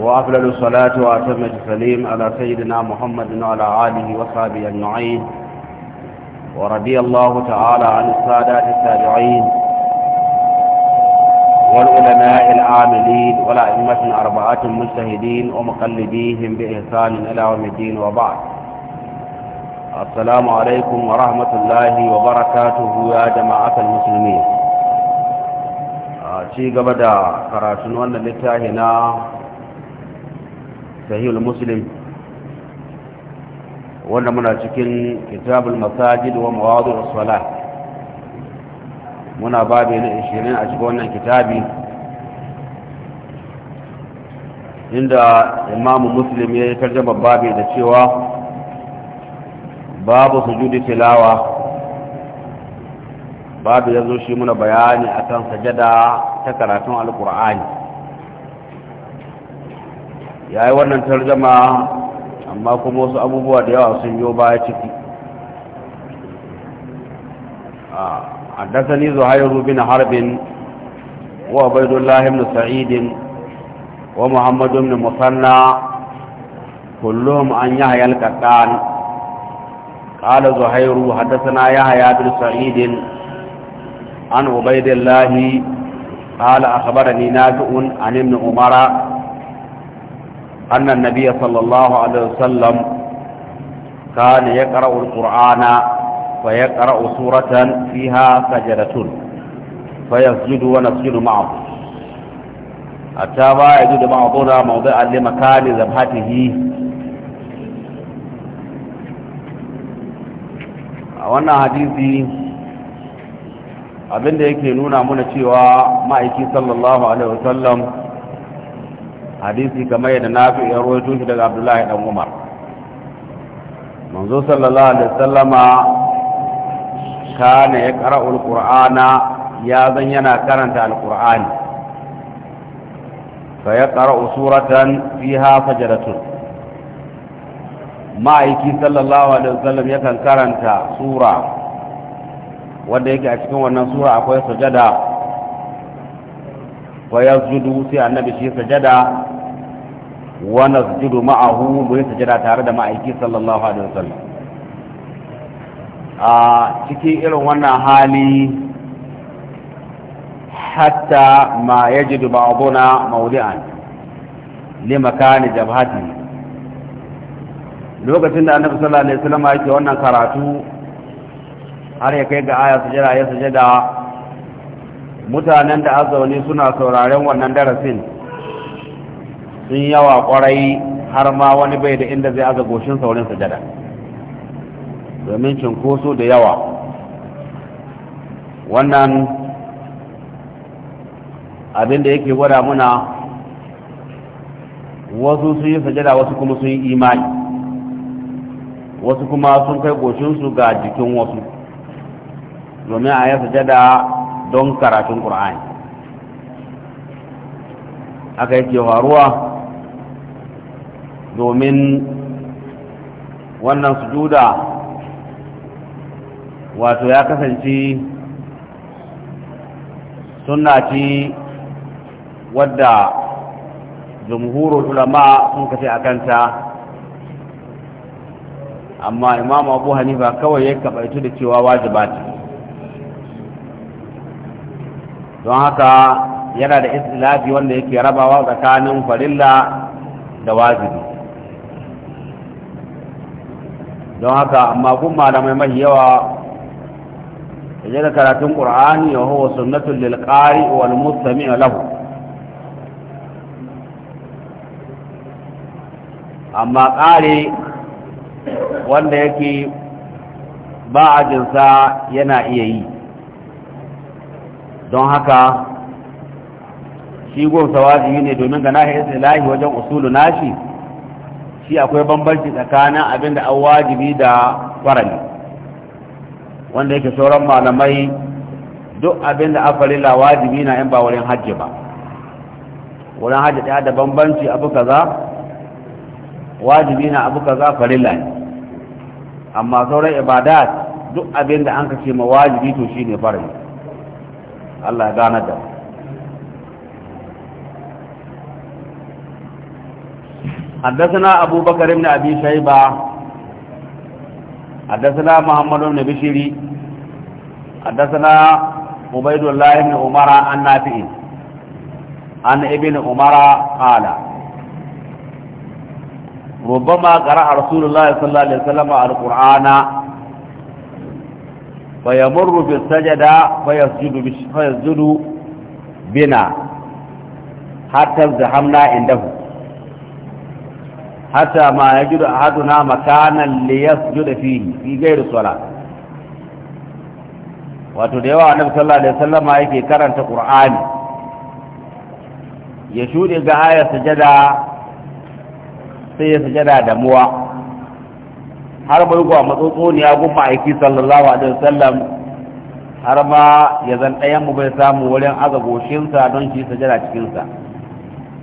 وأفضل الصلاة وأتم التسليم على سيدنا محمد وعلى آله وصحبه أجمعين ورضي الله تعالى عن السادات التابعين والعلماء العاملين والأئمة الأربعة المجتهدين ومقلديهم بإحسان إلى يوم الدين وبعد السلام عليكم ورحمة الله وبركاته يا جماعة المسلمين آه، شيء قبل قرأت أن لتاهنا sahihul muslim wanda muna cikin kitabul masajid wa mawadi'us salah muna babu na 20 a cikin wannan kitabi inda imamu muslim yayi yi tarjama babu da cewa babu sujudi tilawa babu ya shi muna bayani akan sajada ta karatun alkur'ani ya yi wannan tarjama amma kuma wasu abubuwa da yawa sun yi baya ciki a Zuhairu bin yin rubin harbin wa baidun lahimna sa'idin wa muhammadun da kullum an yi hayal kaɗan ƙala zuwa hairu haddasana ya haya bin sa'idin an ubaidun lahi ƙala a khabarani a nimna umara أن النبي صلى الله عليه وسلم كان يقرأ القرآن فيقرأ سورة فيها سجدة فيسجد ونسجد معه أتابع يجد بعضنا موضعا لمكان ذبحته wannan hadisi abinda yake nuna muna cewa ma'aiki sallallahu alaihi wasallam hadisi kamar yadda na fi ya rawaito shi daga abdullahi dan umar manzo sallallahu alaihi wasallama kana ya kara alqur'ana ya zan yana karanta alqur'ani fa ya kara suratan fiha fajaratun ma'aiki sallallahu alaihi wasallam yakan karanta sura wanda yake a cikin wannan sura akwai sujada wa yasjudu sai annabi shi sajada wa nasjudu ma'ahu mun yi sujada tare da ma'aiki sallallahu alaihi wasallam a cikin irin wannan hali hatta ma yajidu ba'duna mawdi'an li makani jabhati lokacin da annabi sallallahu alaihi wasallam yake wannan karatu har ya kai ga aya sujada ya sujada mutanen da azzauni suna sauraren wannan darasin sun yawa kwarai har ma wani bai da inda zai aza goshin saurin sujada domin cinkoso da yawa wannan abinda da yake gwada muna wasu sun yi sajada wasu kuma sun yi imani wasu kuma sun kai goshinsu ga jikin wasu domin a yi sajada don karatun ƙur'ani aka yake faruwa domin wannan sujuda wato ya kasance suna ci wadda jumhurul ulama sun kace a kanta amma imamu abu hanifa kawai ya kabaitu da cewa wajiba ce don haka yana da istilafi wanda yake rabawa tsakanin farilla da wajibi don haka amma kun malamai mai yawa ya karatun ƙur'ani ya huwa sunnatul lilƙari qari wal mustami' lahu amma ƙari wanda yake ba ajinsa yana iya yi don haka shi gomsa wajibi ne domin ga nahi lahi wajen usulu nashi shi akwai bambanci tsakanin abin da an wajibi da farali wanda yake sauran malamai duk abin da afarila wajibi na in ba wurin hajji ba wurin hajji ɗaya da bambanci abu kaza wajibi na abu kaza farila ne amma sauran ibadat duk abin da an kashe ma wajibi to shine farali Allah ya gane da mu حدثنا أبو بكر بن أبي شيبة حدثنا محمد بن بشير حدثنا عبيد الله بن عمر عن نافع عن ابن عمر قال ربما قرأ رسول الله صلى الله عليه وسلم القرآن فيمر بالسجدة فيسجد فيسجد بنا حتى ازدحمنا عنده hatta ma yajidu ahaduna makanan li yasjuda fihi fi ghairi wato da yawa annabi sallallahu alaihi wasallama yake karanta qur'ani ya shuɗe ga ayar sujada sai ya sujada da muwa har bai kuwa matsotsoniya gun ma'aiki sallallahu alaihi wasallam har ma ya zan ɗayan mu bai samu wurin aza goshinsa don shi sujada cikinsa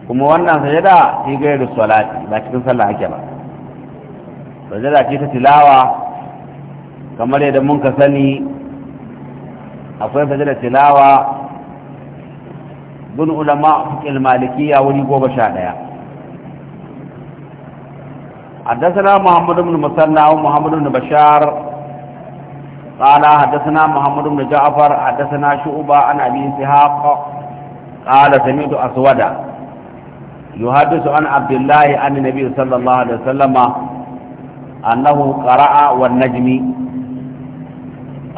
kuma wannan sajada fi gairu salati ba cikin sallah ake ba sajada ce ta tilawa kamar yadda mun ka sani akwai sajada tilawa bin ulama fiqil malikiya wuri goma sha daya حدثنا محمد بن مسلى ومحمد بن بشار قال حدثنا محمد بن جعفر حدثنا شعبة عن أبي سهاق قال سمعت أسودا يحدث عن عبد الله عن النبي صلى الله عليه وسلم أنه قرأ والنجم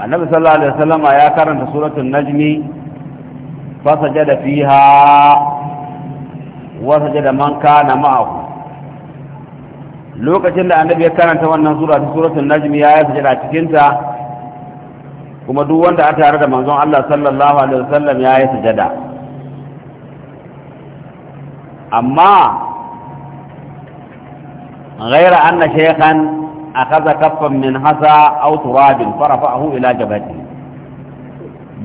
النبي صلى الله عليه وسلم يا كرنت سورة النجم فسجد فيها وسجد من كان معه lokacin da annabi ya karanta wannan sura ta suratul ya yi sujada cikin ta kuma duk wanda a tare da manzon Allah sallallahu alaihi ya yi sujada amma ghaira anna shaykhan akhadha kaffan min hasa aw turabin farafa'ahu ila jabati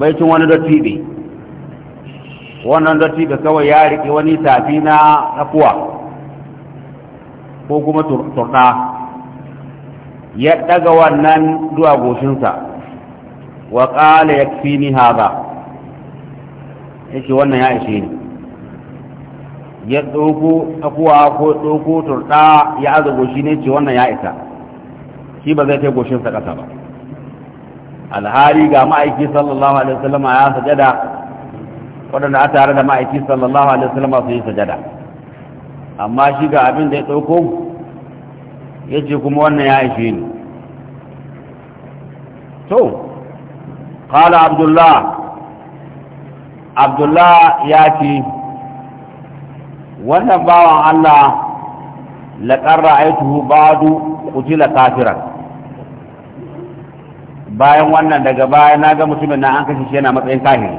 baitun wani dotti be wannan dotti be kawai ya riki wani tafina na kuwa ko kuma turda ya daga wannan duwa goshinsa wa qala yakfini hadha yace wannan ya ishe ni ya ɗauko akuwa ko ɗoko turɗa ya aza goshi ne ce wannan ya isa shi ba zai kai goshinsa ƙasa ba alhari ga ma'aiki sallallahu alaihi wasallama ya sajada waɗanda a tare da ma'aiki sallallahu alaihi wasallama su yi sajada amma shi ga abin da ya ɗauko ya ce kuma wannan ya ishe ni to qala abdullah abdullah ya ce wannan bawan Allah laƙar ra'aituhu ba'du qutila kafiran bayan wannan daga baya na ga mutumin na an kashe shi yana matsayin kafiri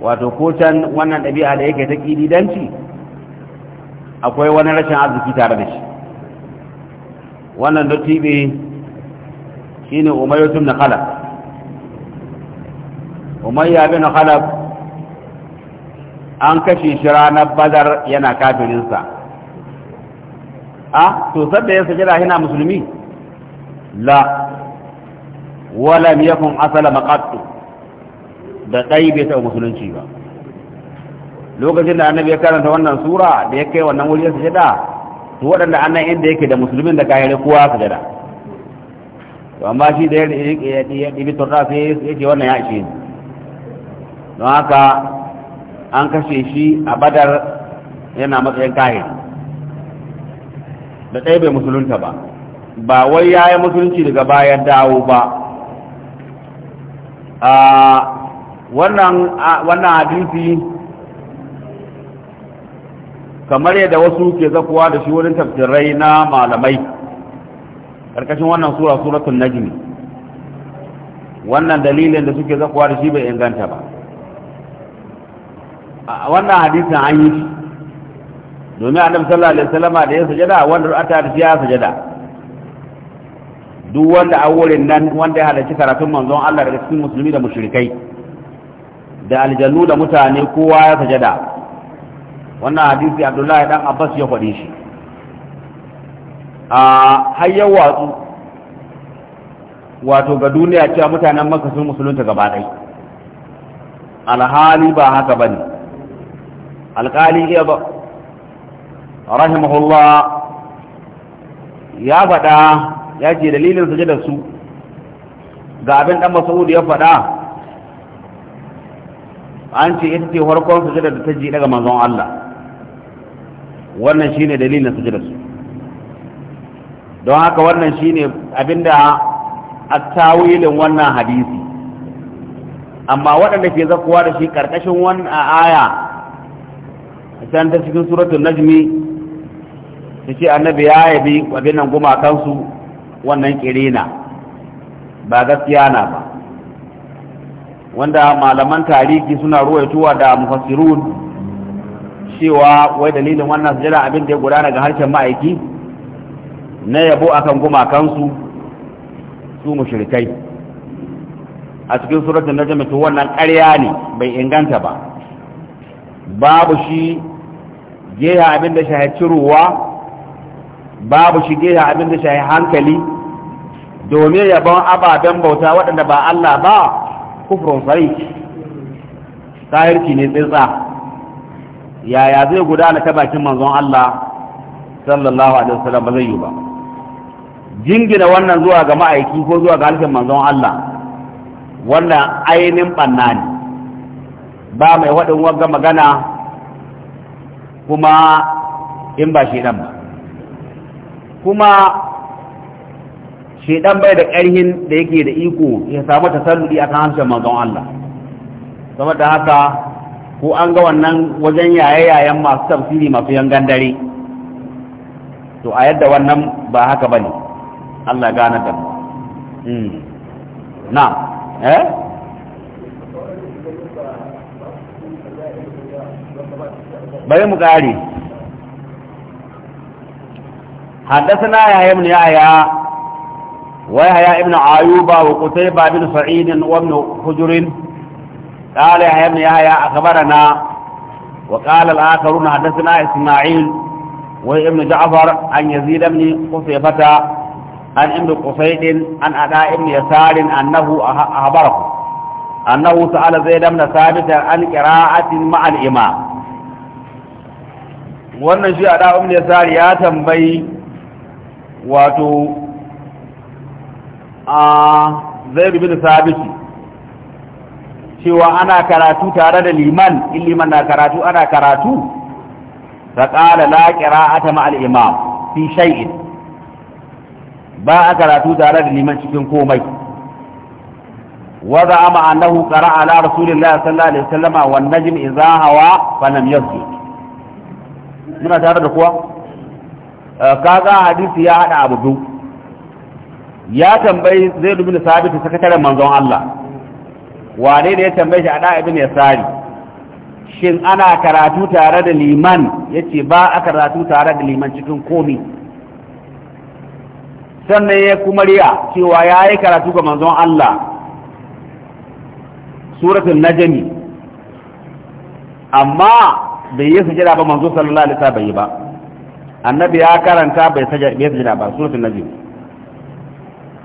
wato ko can wannan ɗabi'a da yake ta danci akwai wani rashin arziki tare da shi wannan ne shine umayyatun na khalaf umayya bin khalaf an kashe shi ranar badar yana kafirinsa a to sadda ya da yana musulmi la walam yakun asala maqattu da dai bai ta musulunci ba lokacin da annabi ya karanta wannan sura da ya kai wannan wuri ya da, to waɗanda annan inda yake da musulmin da kayan su sajada to amma shi da ya ɗibi turra sai yake wannan ya ishe don haka an kashe shi a badar yana matsayin kahiri da ɗaya bai musulunta ba ba wai ya yi musulunci daga bayan dawo ba a wannan hadisi kamar yadda wasu ke zakuwa da shi wurin tafsirai na malamai ƙarƙashin wannan sura suratun najmi wannan dalilin da suke zakuwa da shi bai inganta ba a wannan hadisin an yi shi domin annabi sallallahu alaihi salama da ya sujada wanda ta da ya sujada duk wanda a wurin nan wanda ya halarci karatun manzon Allah daga cikin musulmi da mushrikai da aljannu da mutane kowa ya sujada wannan hadisi Abdullahi dan Abbas ya faɗi shi a hayyar watsu wato ga duniya cewa mutanen Makka sun musulunta gaba ɗaya alhali ba haka bane alƙali iya ba rahimahullah ya faɗa ya ce dalilin da su ga abin ɗan masaudu ya faɗa an ce ita ce farkon ji da ta ji daga manzon Allah wannan shine dalilin da su don haka wannan shine abinda a tawilin wannan hadisi amma waɗanda ke zakuwa da shi ƙarƙashin wannan aya can ta cikin suratul najmi ta ce annabi ya yabi abin nan gumakansu wannan kirina ba gaskiya na ba wanda malaman tarihi suna ruwaituwa da mufassirun cewa wai dalilin wannan sujada abin da ya gudana ga harshen ma'aiki na yabo akan gumakansu su mushrikai a cikin suratul najmi to wannan ƙarya ne bai inganta ba babu shi geha abin da shaharci ruwa babu shi geha abin da shahar hankali domin yabon ababen bauta waɗanda ba Allah ba kufurin sai Sahirci ne tsitsa yaya zai gudana ta bakin manzon Allah sallallahu alaihi wasallam ba zai yi ba jingina wannan zuwa ga ma'aiki ko zuwa ga halittar manzon Allah wannan ainihin banna ne ba mai waɗin wagga magana kuma in ba shedan ba kuma shedan bai da ƙarhin da yake da iko ya samu tasalludi akan harshen manzon Allah saboda haka ko an ga wannan wajen yaye-yayen masu tafsiri masu yangan dare to a yadda wannan ba haka bane Allah gane da mu hmm. na eh bari mu kare حدثنا يا ابن يحيى ويحيى ابن عيوب وقتيبة بن سعيد وابن حجر قال يا ابن يحيى أخبرنا وقال الآخرون حدثنا إسماعيل وابن جعفر عن يزيد بن قصيبة عن ابن قصيد عن أداء ابن يسار أنه أخبره أنه سأل زيد بن ثابت عن قراءة مع الإمام wannan shi a ɗa'um ne sari ya tambayi wato a zai bin sabisi cewa ana karatu tare da liman in liman na karatu ana karatu ta ƙada laƙira a ta ma'al fi shai'in ba a karatu tare da liman cikin komai wadda ama annahu ƙara ala rasulun sallallahu alaihi wasallama wannan jim izahawa fa lam yasjud muna tare da kuwa eh, kaga hadisi ya hada abu biyu ya tambayi zai dubi sabitu sakataren manzon Allah wane ne ya tambaye shi ada ibn yasari shin ana karatu tare da liman yace ba a karatu tare da liman cikin komi sannan ya kuma riya cewa ya yi karatu ga manzon Allah suratul najmi amma bai yi sujada ba manzo sallallahu alaihi wasallam bai yi ba annabi ya karanta bai sujada ba suratul nabi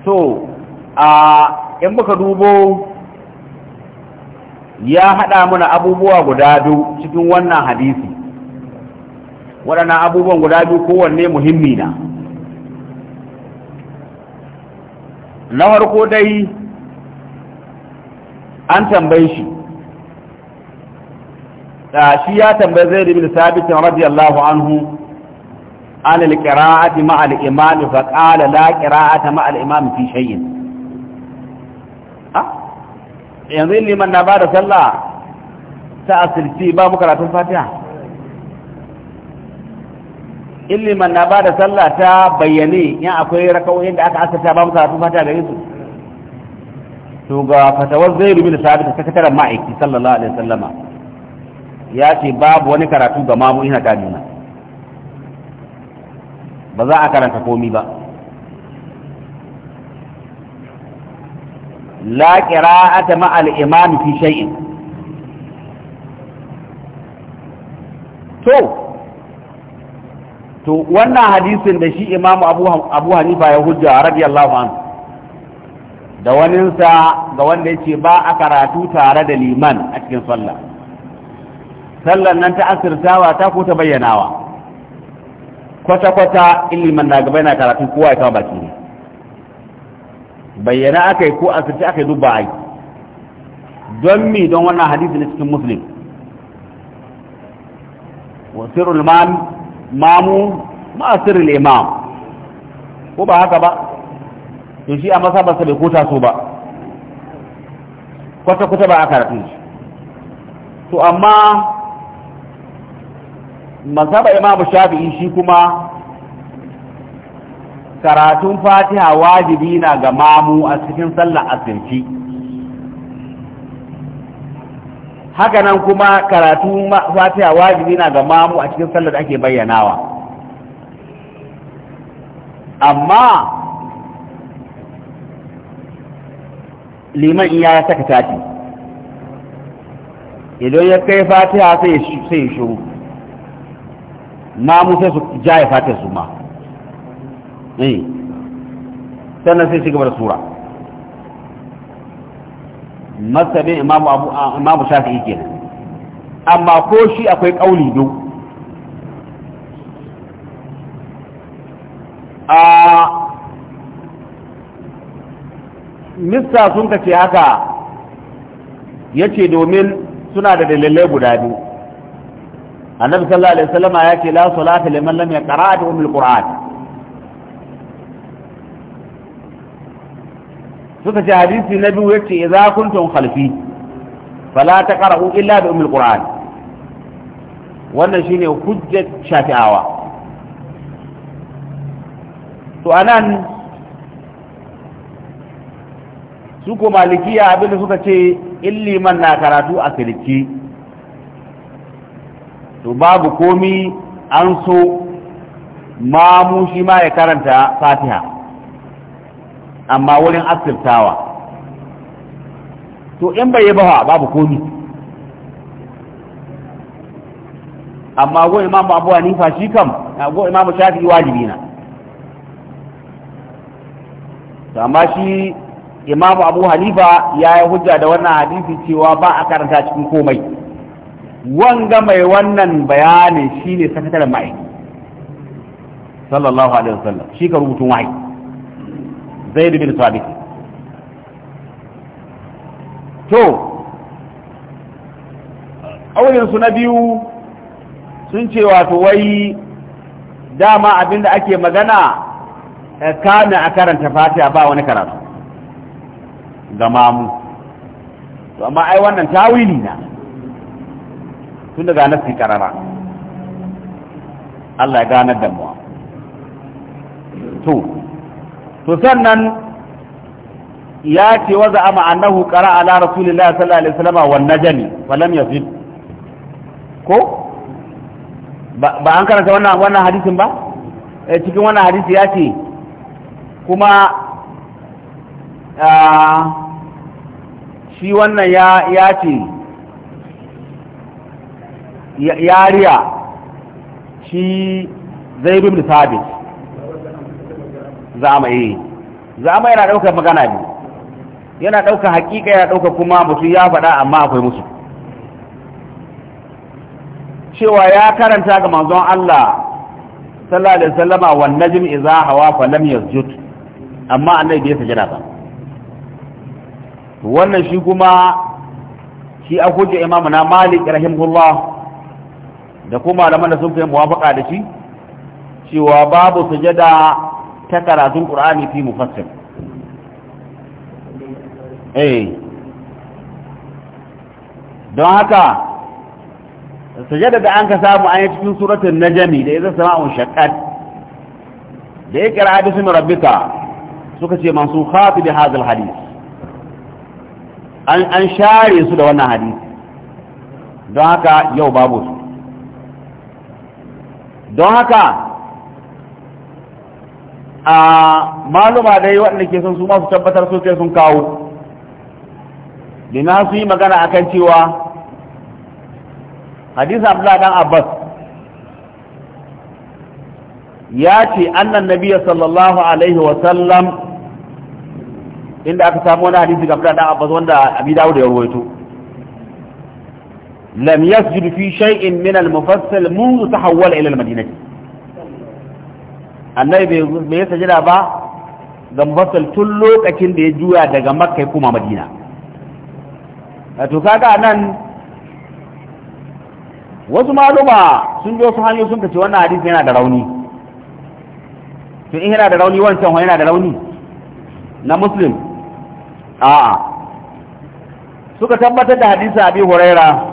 so a in muka dubo ya hada mana abubuwa guda biyu cikin wannan hadisi waɗannan abubuwan guda biyu kowanne muhimmi na na farko dai an tambaye shi shi ya tambaye zai ribi sabitin radiyallahu anhu an alƙira'ati ma al'imami fa ƙala ma al'imami fi shayin yanzu yin liman na ba da sallah ta asirci ba mu karatun fatiha in liman na ba da sallah ta bayyane yan akwai da aka asirta ba mu karatun fatiha gare su to ga fatawar zai sakataren ma'aiki sallallahu alaihi ya ce babu wani karatu ga mamu ina gani na ba za a karanta komi ba la qira'ata ma al-imam fi shay'in to to wannan hadisin da shi imamu abu abu hanifa ya hujja radiyallahu anhu da waninsa ga wanda ya ce ba a karatu tare da liman a cikin sallah sallan nan ta asirtawa ta ko ta bayyanawa kwata-kwata iliman na gaba yana karatu kowa ya kawo baki ne bayyana aka yi ko asirci aka yi duk aiki don mi don wannan hadisi na cikin muslim wasirul mamu sirrul imam ko ba haka ba to shi a masa ba bai ta so ba kwata-kwata ba a karatu to amma mazhaba imamu shafi'i shi kuma karatun fatiha wajibi na ga mamu a cikin sallar asirci nan kuma karatun fatiha wajibi na ga mamu a cikin sallar da ake bayyanawa amma liman iya ya saka tashi idan ya kai fatiha sai ya shuru ma sai su jaye fatar su ma eh sannan sai shiga da sura masabin imamu abu imamu yake kenan amma ko shi akwai kauli biyu a mista sun kace haka yace domin suna da dalilai guda biyu annabi sallallahu alaihi wasallam ya ce la salata liman lam yaqra bi ummul qur'an suka ce hadisi na biyu yace idza kuntum khalfi fala taqra'u illa bi ummul qur'an wannan shine hujjat shafi'awa to anan su ko malikiya abinda suka ce illiman na karatu a sirki to babu komi an so mamu shi ma ya karanta fatiha amma wurin asirtawa to in bai yi bawa babu komi amma go imamu abu hanifa shi kam go imam shafi wajibi na to amma shi imam abu hanifa ya yi hujja da wannan hadisi cewa ba a karanta cikin komai wanga mai wannan bayanin shi ne sakataren ma'aiki sallallahu alaihi wasallam shi ka rubutun wahayi zaid bin sabit to aurin su na biyu sun ce wato wai dama abinda ake magana kana a karanta fatiha ba wani karatu ga mamu to amma ai wannan tawili na tun daga nasi karara Allah ya ganar da mu to to sannan ya ce wa za'ama annahu qara ala rasulillahi sallallahu alaihi wasallam wan najmi wa lam yazid ko ba an karanta wannan wannan hadisin ba eh cikin wannan hadisi ya ce kuma ah, shi wannan ya ya ce yariya shi zai bin sabit zama yi eh. zama yana ɗaukar magana ne yana daukar hakika yana daukar kuma mutum ya faɗa amma akwai musu cewa ya karanta ga manzon Allah sallallahu alaihi wasallama wan najm idza hawa fa lam yasjud amma annabi bai sajada ba wannan shi kuma shi a imamu na Malik rahimahullah da kuma malaman da sun kai muwafaka da shi cewa babu sujada ta karatun qur'ani fi mufassir eh don haka sujada da an ka samu an yi cikin suratul najmi da idan sama'un shaqqat da ya kira bismi rabbika suka ce mansukhat bi hadha hadith an share su da wannan hadisi don haka yau babu su don haka a maluma dai waɗanda ke son su masu tabbatar su ce sun kawo dina su yi magana a kan cewa hadisa abdullahi dan abbas ya ce annan nabiya sallallahu alaihi wasallam inda aka samu wani hadisi ga abdullahi dan abbas wanda abi dawo da ya ruwaito لم يسجد fi شيء من المفصل منذ تحول ila al النبي annabi bai sajada ba ga mufassal tun lokacin da ya juya daga makka kuma madina to kaga nan wasu maluma sun jo su hanyar sun kace wannan hadisi yana da rauni to in yana da rauni wancan yana da rauni na muslim a'a suka tabbatar da hadisi abi huraira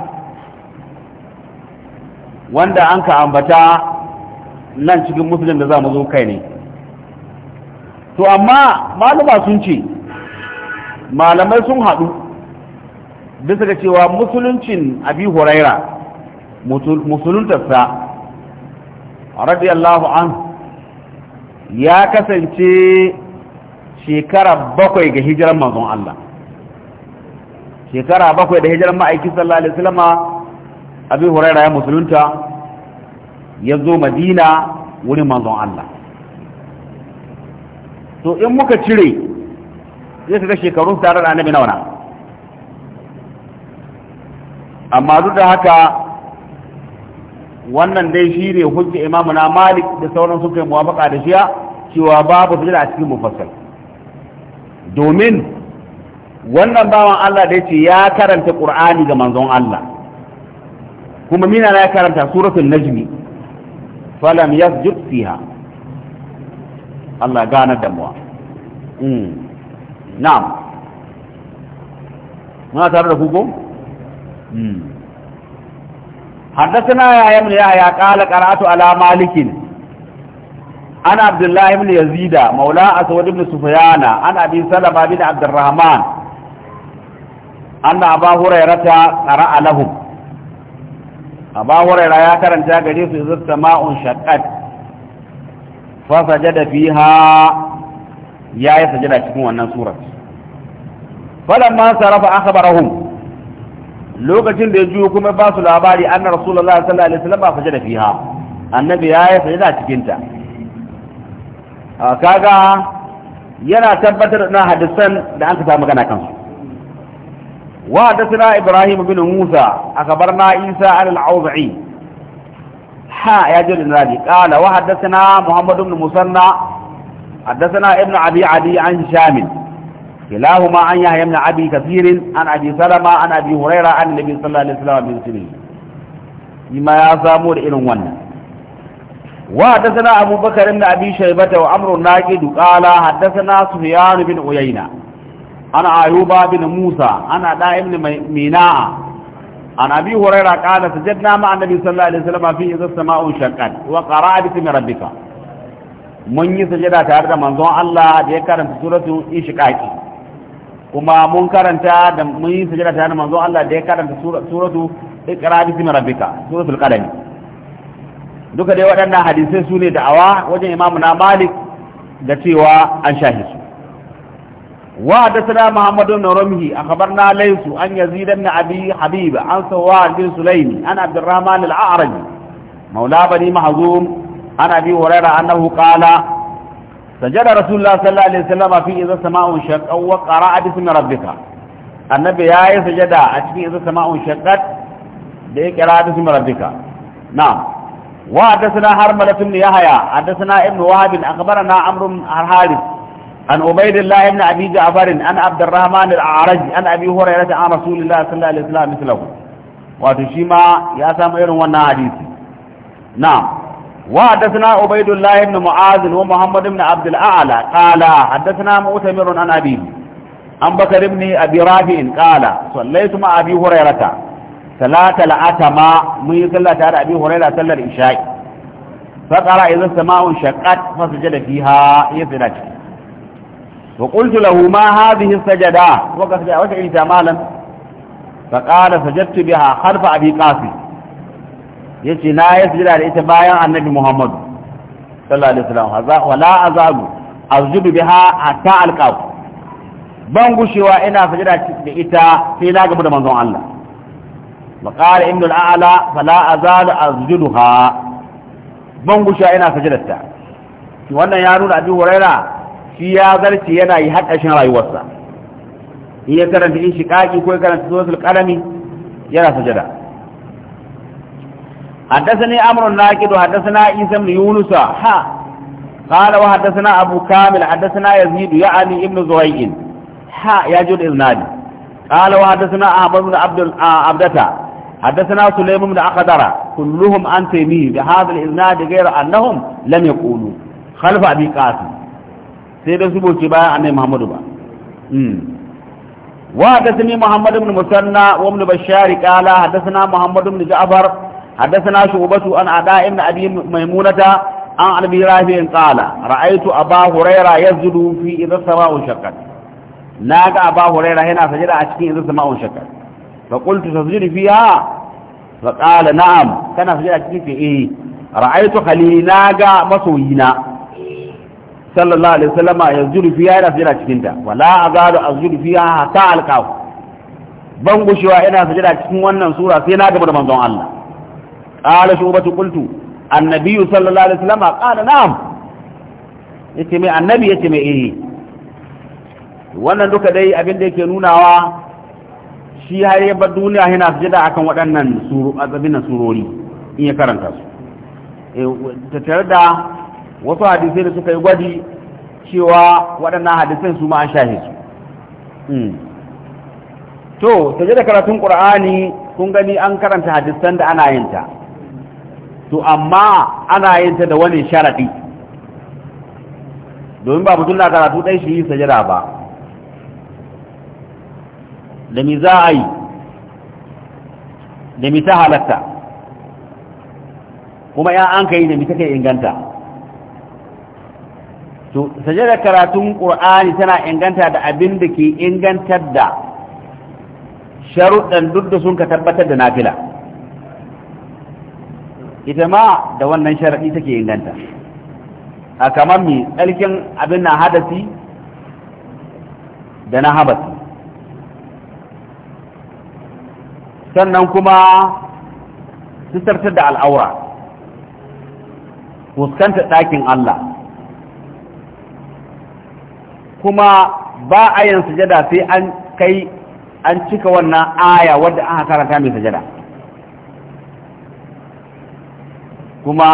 wanda an ka ambata nan cikin musulun da za mu zo kai ne to amma maluma sun ce malamai sun haɗu bisa ga cewa musuluncin abi huraira musuluntarsa radiyallahu an ya kasance shekara bakwai ga hijiran manzon Allah shekara bakwai da hijiran ma'aikisar lalisulama abin huraira ya musulunta ya zo madina wurin manzon Allah to in muka cire zai ka shekarun tare da annabi nauna amma duk da haka wannan dai shi ne hujja imamu na malik da sauran suka yi muwafaka da shiya cewa babu sujada a cikin mufassal domin wannan bawan Allah da ya ce ya karanta qur'ani ga manzon Allah kuma mina na karanta suratul najmi falam yasjud fiha Allah gana da mu mm na'am muna tare da ku ko mm حدثنا يا ابن يحيى قال قرأت على مالك أنا عبد الله بن يزيد مولى أسود بن سفيان أنا أبي سلمة بن عبد الرحمن أن أبا هريرة قرأ لهم أبا هريرة يا كرم تاكدي في ذلك سماء شقت فسجد فيها يا يسجد أشكو أن سورة فلما صرف أخبرهم lokacin da ya juyo kuma ba su labari annar rasulullahi sallallahu alaihi wasallam ba fajada fiha annabi ya yi fajada cikin ta kaga yana tabbatar da hadisan da an ka magana kansu وحدثنا إبراهيم بن موسى أخبرنا عيسى عن العوضعي ها يا جل ذلك قال وحدثنا محمد بن مسنى حدثنا ابن أبي عدي عن شام كلاهما عن يحيى بن أبي كثير عن أبي سلمة عن أبي هريرة عن النبي صلى الله عليه وسلم من سنين بما يصابوا لإلهم ونه وحدثنا أبو بكر بن أبي شيبة وأمر الناجد قال حدثنا سفيان بن عيينة ana ayuba bin musa ana da ibn mina'a an abi huraira qala sajadna ma annabi sallallahu alaihi wasallam fi idza sama'un shaqqat wa qara'a bi rabbika mun yi sajada tare da manzon Allah da ya karanta suratul inshiqaqi kuma mun karanta da mun yi sajada tare da manzon Allah da ya karanta suratul duka dai waɗannan hadisai su ne da'awa wajen imamu na malik da cewa an shahisu وحدثنا محمد بن رمه أخبرنا ليس أن يزيد بن أبي حبيب عن سواد بن سليم عن عبد الرحمن الأعرج مولى بني محزوم عن أبي هريرة أنه قال سجد رسول الله صلى الله عليه وسلم في إذا سماء انشق وقرأ باسم ربك النبي يا سجد أشفي إذا سماء انشقت بقراءة باسم ربك نعم وحدثنا هرملة بن يحيى حدثنا ابن وهب أخبرنا عمرو الحارث عن عبيد الله بن أبي جعفر عن عبد الرحمن الأعرج عن أبي هريرة عن رسول الله صلى الله عليه وسلم مثله وتشيما يا سامير وانا حديثي نعم وحدثنا عبيد الله بن معاذ ومحمد بن عبد الأعلى قال حدثنا مؤتمر عن أبيه عن بكر بن أبي رافع قال صليت مع أبي هريرة صلاة العتمة من صلى تعالى أبي هريرة صلى العشاء فقرأ إذا السماء انشقت فسجد فيها يسجد وقلت له ما هذه السجدة وقد جاء وجعي جمالا فقال سجدت بها خلف أبي قاسم يجي لا يسجد على إتبايا النبي محمد صلى الله عليه وسلم ولا أزال أسجد بها حتى ألقاه ban gushewa ina sajada da ita sai na gaba da Allah wa qala ibn ala fala azalu asjuduha ban gushewa ina sajada ta wannan ya nuna abi huraira shi ya zarce yana yi haƙashin rayuwarsa in ya karanta yin shiƙaƙi ko ya karanta zuwa sulƙarami yana sujada haddasani amurin na kido haddasana isa mai yunusa ha ƙada wa haddasana abu kamil haddasana ya zidu ya ani ibn zuwa'in ha ya jo da iznadi ƙada wa haddasana ahmad bin abdata haddasana suleiman bin akadara kulluhum an taimi da hadal iznadi gairu annahum la ya ƙulu khalfa abi qasim sai dai su boke ba annabi Muhammad ba wa hadathani Muhammad ibn Musanna wa ibn Bashar qala hadathana Muhammad ibn Ja'far hadathana Shu'batu an Ada ibn Abi Maimunata an Abi Rafi qala ra'aytu Aba Huraira yazdu fi idha sama'u shaqqat naga Aba Huraira yana sajida a cikin idha sama'u shaqqat fa qultu tazjiru fiha fa qala na'am kana sajida a cikin fi eh ra'aytu khalilina ga masoyina sallallahu alaihi wasallam ya zuru fiya yana sujada cikin ta wala azalu azuru fiya hatta alqaf ban gushewa ina sujada cikin wannan sura sai na gaba da manzon Allah qala shubatu qultu annabi sallallahu alaihi wasallam qala na'am yace mai annabi yace mai eh wannan duka dai abin da yake nunawa shi har ya bar duniya yana sujada akan waɗannan suru azabin surori in ya karanta su eh, tattare da wasu hadisai da suka yi gwadi cewa waɗannan hadisai su ma an shahe su hmm. to taje da karatun Kur'ani kun gani an karanta hadisan da ana yin to amma ana yin da wani sharaɗi domin ba mutum na karatu ɗai shi sajada ba da mi za a yi da mi ta halatta kuma ya an yi da mi take inganta to sajada karatun qur'ani tana inganta da abin da ke ingantar da sharuɗan duk da sun ka tabbatar da nafila ita ma da wannan sharaɗi take inganta a kamar mi tsarkin abin na hadasi da na habasi sannan kuma sitartar da al'aura fuskantar ɗakin Allah kuma ba a yin sujada sai an kai an cika wannan aya wadda aka karanta mai sujada kuma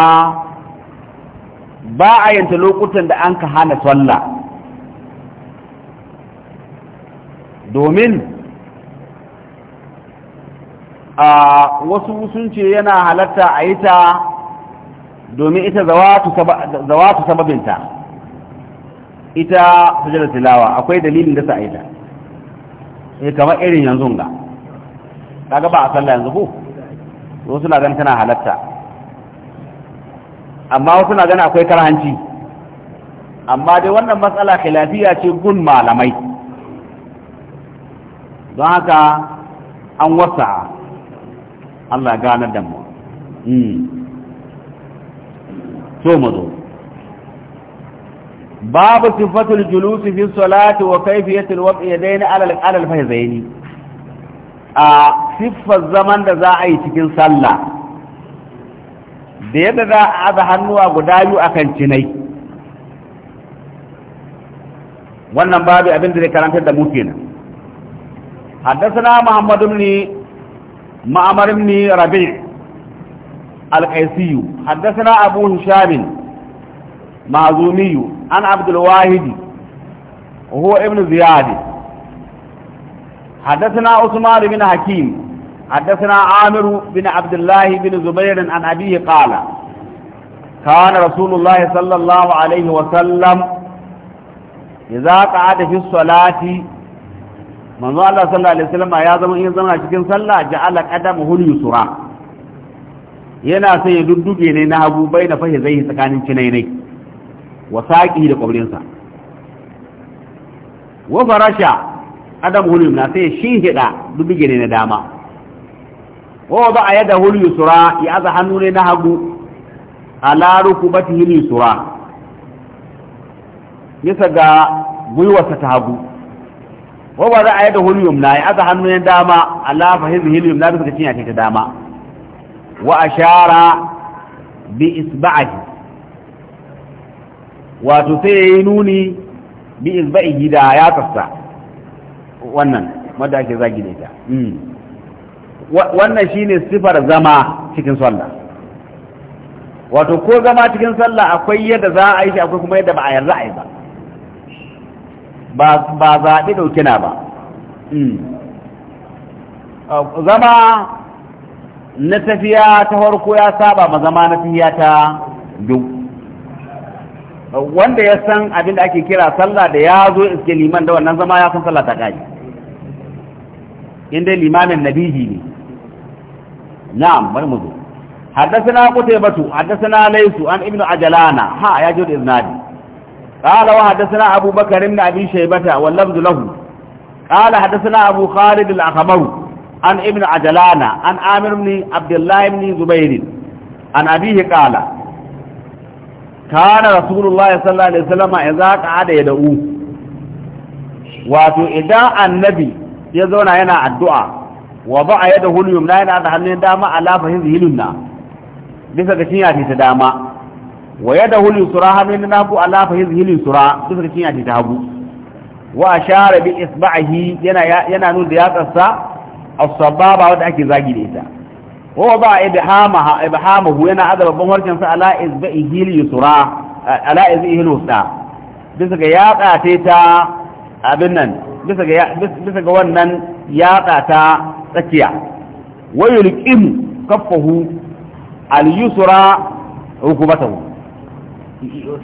ba a yanta lokutan da an ka hana sallah domin a wasu sun ce yana halatta a yi ta domin ita zawatu sababinta ita sujada tilawa akwai dalilin da sa'ida eh kamar irin yanzu ga kaga ba a sallah yanzu ko wasu na ganin tana halatta amma wasu na ganin akwai karhanci amma dai wannan matsala khilafiya ce gun malamai don haka an wasa Allah ganar da mu so hmm. mu zo babu sifatul julusi fi salati wa kayfiyatul wad'i yadaini ala al-fahzaini a siffar zaman da za a yi cikin sallah da yadda za a aza hannuwa guda biyu akan cinai wannan babu abin da zai karantar da mu kenan حدثنا محمد بن معمر بن ربيع القيسي حدثنا أبو هشام معزومي عن عبد الواحد وهو ابن زياد حدثنا عثمان بن حكيم حدثنا عامر بن عبد الله بن زبير عن أبيه قال كان رسول الله صلى الله عليه وسلم إذا قعد في الصلاة manzo Allah sallallahu alaihi wasallam ya zama in zama cikin sallah ja'ala qadamuhu yusra yana sai ya dudduge ne na hagu bai na fahe zai tsakanin cinai wa da ƙwabrinsa wa farasha adam hulun na sai shi hida dubi gine na dama wa ba a yadda hulun yusura ya aza hannu ne na hagu a laruku bati hulun yusura bisa ga gwiwarsa ta hagu wa ba za a yadda hulun yumna ya aza hannu ne dama a lafa hizin hulun yumna bisa cinya ta dama wa ashara bi isba'ahi wato sai ya yi nuni bi izba'i gida ya tasta wannan wadda ake zagi da ita hmm. wannan shine sifar zama cikin sallah wato ko zama cikin sallah akwai yadda za a yi shi akwai kuma yadda ba a yarda a yi ba ba zaɓi ɗaukina ba hmm. uh, zama na tafiya ta farko ya saba ma zama na tafiya ta biyu wanda ya san abin da ake kira sallah da ya zo iske liman da wannan zama ya san sallah ta kai inda limanin nabihi ne na'am bari mu zo haddathana qutaybatu haddathana laysu an ibnu ajalana ha ya jo da iznadi qala wa abu abubakar ibn abi shaybata wa lamdu lahu qala haddathana abu khalid al-akhmar an ibnu ajalana an amir ibn abdullah ibn zubair an abihi qala kana rasulullahi sallallahu alaihi wasallam idza qa'ada yad'u wato idan annabi ya zauna yana addu'a wa ba'a yadahu al-yumna yana da hannun dama ala fahin zihilunna bisa ga cinya ta dama wa yadahu al-yusra hannun nagu ala fahin zihilun bisa ga cinya ta hagu wa ashara bi isba'ihi yana yana nuna da yatsarsa as-sababa wanda ake zagi da ita هو ba ابهامها ابهامه yana هذا ban ورجن فعلا ala izbihil yusra ala bisa ga ta abin nan bisa ga بس ga wannan yatsa ta tsakiya wa yulqim kaffahu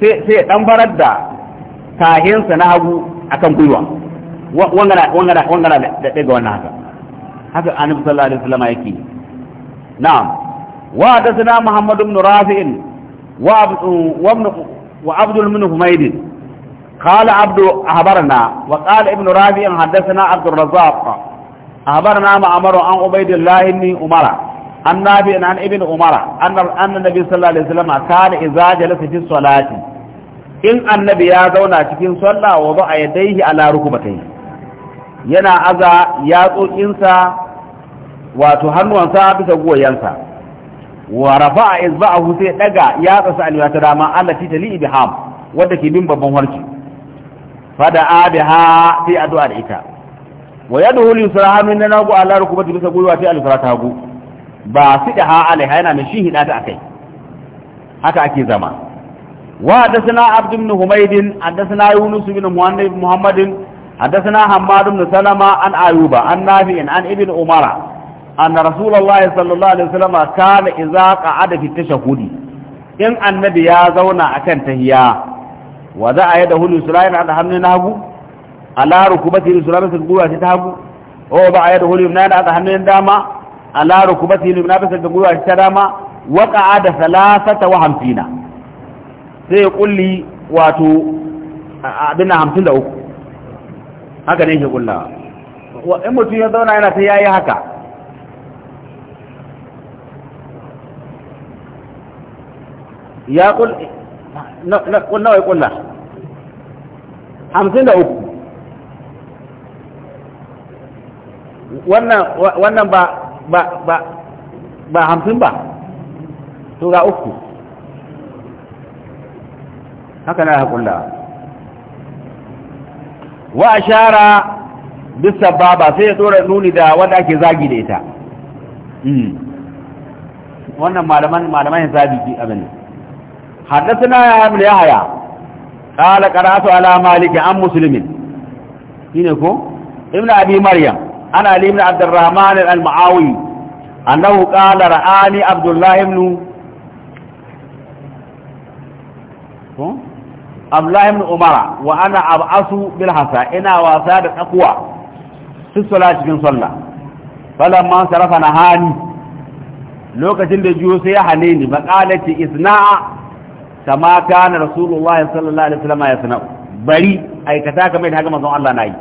sai sai dan barar da tahinsa na hagu akan gwiwa wangana wangana wangana da daga wannan haka haka annabi sallallahu alaihi wasallam yake نعم وحدثنا محمد بن رافع وعبد بن حميد قال عبد أخبرنا وقال ابن رافع حدثنا عبد الرزاق أخبرنا معمر عن عبيد الله بن عمر عن نافع عن ابن عمر أن أن النبي صلى الله عليه وسلم كان إذا جلس في الصلاة إن النبي يا زونا cikin sallah وضع يديه على ركبتيه yana aza yatsokinsa wato hannuwansa bisa goyensa wa rafa'a izba'ahu sai daga ya tsasa aliya ta dama allati tali ibham wanda ke bin babban harki fada abiha fi addu'a da ita wa yadhu li sarahu na nagu ala rukubati bisa goyewa sai alfara ta hagu ba ha alaiha yana mai shi hidata akai haka ake zama وحدثنا عبد بن حميد حدثنا يونس بن muhammadin hadathana حماد بن salama an ayuba an nafi'in an ابن umara anna rasulullahi sallallahu alaihi wasallam kana idza qa'ada fi tashahhudi in annabi ya zauna akan tahiyya wa za a yada hulu sulaina da hannun hagu ala rukubati sulaina sun gura ta hagu wa ba a yada hulu na da hannun dama ala rukubati na bisa ga gura ta dama wa qa'ada thalathata wa hamsina sai kulli wato abin 53 haka ne ke kullawa in mutum ya zauna yana ta yayi haka ya kul nawa ya kulla hamsin da uku wannan ba ba ba ba hamsin ba to ga uku haka na hakulla wa ashara bisa baba sai ya tsora nuni da wanda ake zagi da ita hmm. wannan malaman malaman hisabi abin حدثنا يا ابن يحيى قال قرات على مالك عن مسلم هناكو ابن ابي مريم انا علي بن عبد الرحمن المعاوي انه قال راني عبد الله بن عبد الله بن عمر وانا ابعث بالحصى انا واساد da في الصلاه sala cikin فلما falamma sarafa nahani lokacin da juyo sai ya kama kana rasulullahi sallallahu alaihi wasallam ya sanau bari aikata kamar haka manzon Allah nayi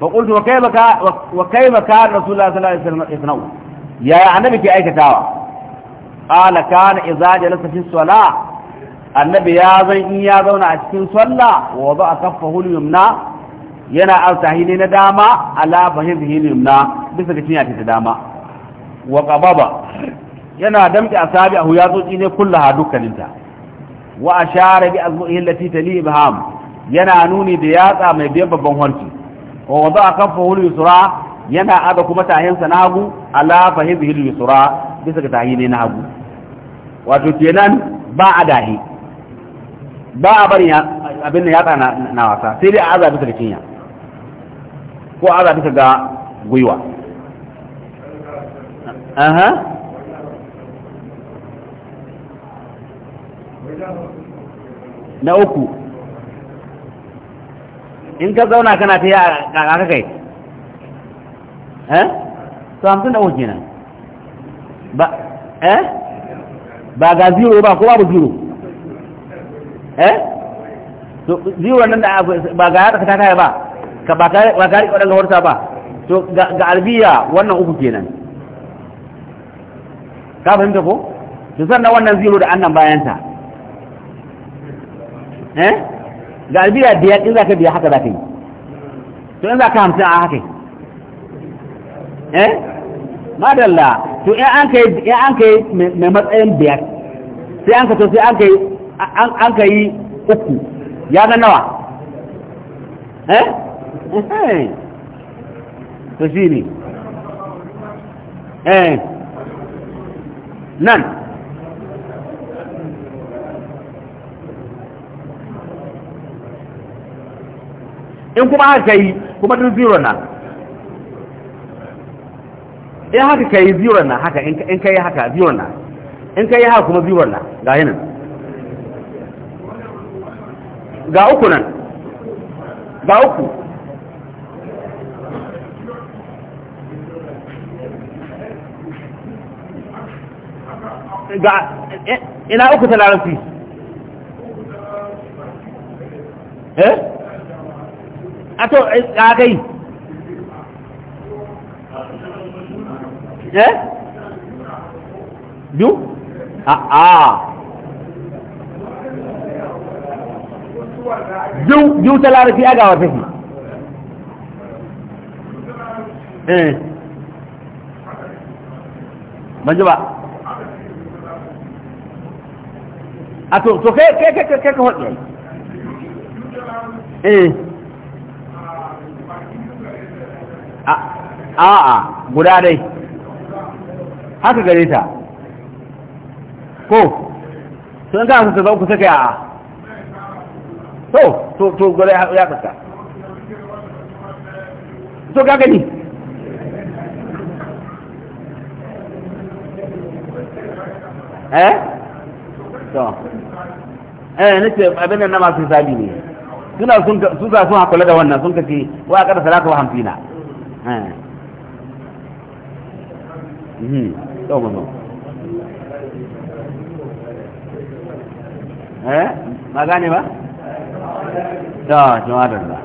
fa qultu wa kayfa ka wa kayfa ka rasulullahi sallallahu alaihi wasallam ya sanau ya annabi ke aikatawa qala kana idza jalasa fi salah annabi ya zan in ya zauna a cikin sallah wa ba kaffahu al-yumna yana altahi ne na dama ala fahihi al-yumna bisa ga cinya ta dama wa qababa yana damƙe asabi a huyatsoci ne kullaha dukkaninta wa ashara bi azmuhi allati tali ibham yana nuni da yatsa mai biyan babban hanci wa wada kaffahu yusra yana aga kuma tahin sanagu hagu ala fahihi yusra bisa ga tahin ne na hagu wato kenan ba a dahi ba a bari abin da yatsa na wasa sai dai a aza bisa ga cinya ko aza bisa ga gwiwa aha na uku in ka zauna kana ta yi a kaka kai eh to hamsin da uku ba eh ba ga zero ba ko babu zero eh to zero nan da ba ga ya ta kai ba ka ba ka ba ka riƙa wadanda ba to ga albiya wannan uku kenan ka fahimta ko to sannan wannan zero da annan bayanta eh ga albiya biya in zaka biya haka zaka yi to in zaka hamsin a haka eh madalla to in an kai in an kai mai matsayin biyar sai an ka to sai an kai an kai uku ya ga nawa eh? eh to shi ne eh nan in kuma haka yi kuma duk zero na in haka ka yi zero na haka in ka yi haka zero na in ka yi haka kuma zero na ga yi ga uku nan ga uku ga eh, ina uku ta eh a to eh, a eh biyu a a biyu ta larafi a gawar tafi eh banji ba a to kai kai kai kai kai kai kai kai kai kai a'a guda dai haka gare ta ko sun ka su zau ku saka a'a to to to gare ya kasa to ka gani eh to eh ce abin nan na masu sabi ne suna sun sun hakula da wannan sun kace wa kada salatu wa hamfina eh magani ba? ta cin adalla